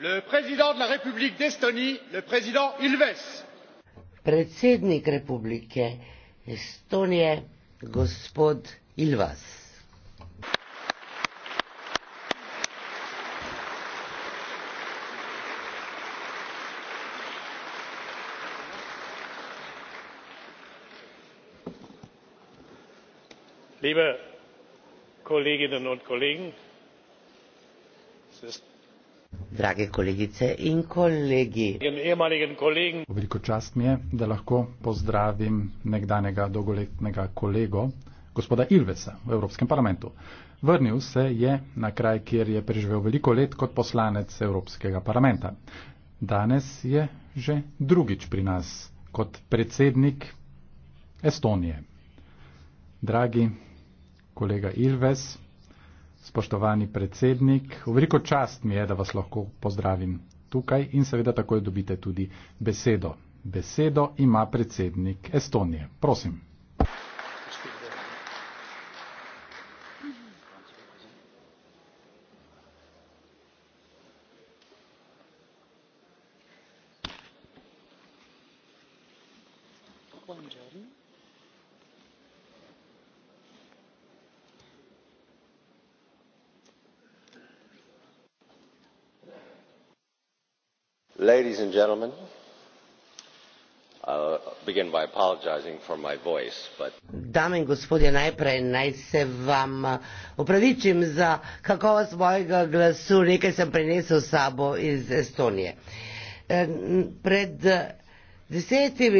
le président de la République d'Estonie, le président Ilves. Predsednik Republike Estonije, gospod Ilves. Liebe Kolleginnen und Kollegen, es ist drage kolegice in kolegi. Veliko čast mi je, da lahko pozdravim nekdanjega dolgoletnega kolego, gospoda Ilvesa v Evropskem parlamentu. Vrnil se je na kraj, kjer je preživel veliko let kot poslanec Evropskega parlamenta. Danes je že drugič pri nas kot predsednik Estonije. Dragi kolega Ilves, Spoštovani predsednik, veliko čast mi je, da vas lahko pozdravim tukaj in seveda takoj dobite tudi besedo. Besedo ima predsednik Estonije. Prosim. Buongiorno. Ladies and gentlemen, I'll begin by apologizing for my voice, but... Dame in gospodje, najprej naj se vam eh, opravičim za kakovost mojega glasu, nekaj sem prinesel s sabo iz Estonije. Eh, pred eh, desetimi